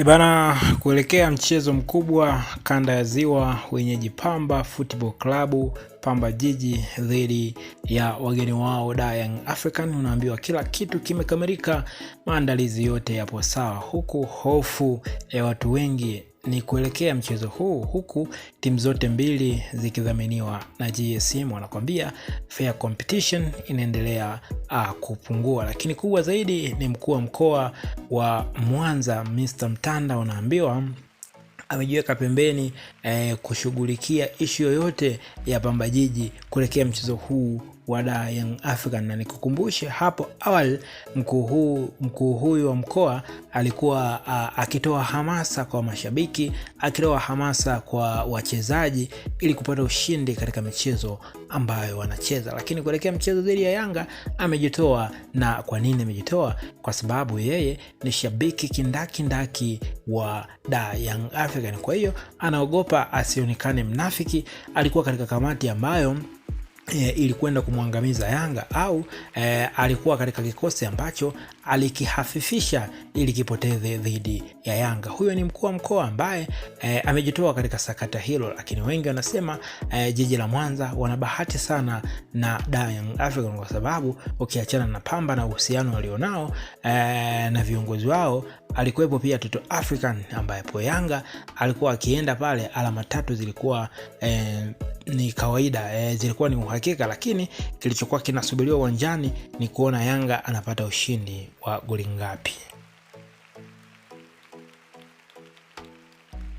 ebana eh, kuelekea mchezo mkubwa kanda ya ziwa wenyeji Pamba Football Club Pamba Jiji dhidi ya wageni wao Da Young African, unaambiwa kila kitu kimekamilika, maandalizi yote yapo sawa, huku hofu ya watu wengi ni kuelekea mchezo huu huku timu zote mbili zikidhaminiwa na GSM wanakwambia fair competition inaendelea ah, kupungua, lakini kubwa zaidi ni mkuu wa mkoa wa Mwanza Mr. Mtanda unaambiwa amejiweka pembeni eh, kushughulikia ishu yoyote ya Pamba Jiji kuelekea mchezo huu wa Young African, na nikukumbushe hapo awali mkuu huu mkuu huyu wa mkoa alikuwa a, akitoa hamasa kwa mashabiki, akitoa hamasa kwa wachezaji ili kupata ushindi katika michezo ambayo wanacheza. Lakini kuelekea mchezo dhidi ya Yanga amejitoa. Na kwa nini amejitoa? Kwa sababu yeye ni shabiki kindakindaki wa da Young African, kwa hiyo anaogopa asionekane mnafiki. Alikuwa katika kamati ambayo E, ili kwenda kumwangamiza Yanga au e, alikuwa katika kikosi ambacho alikihafifisha ili kipoteze dhidi ya Yanga. Huyo ni mkuu wa mkoa ambaye e, amejitoa katika sakata hilo, lakini wengi wanasema e, jiji la Mwanza wana bahati sana na Young Africans kwa sababu ukiachana na Pamba na uhusiano walionao e, na viongozi wao alikuwepo pia Toto African po Yanga alikuwa akienda pale, alama tatu zilikuwa e, ni kawaida e, zilikuwa ni uhakika, lakini kilichokuwa kinasubiriwa uwanjani ni kuona Yanga anapata ushindi wa goli ngapi.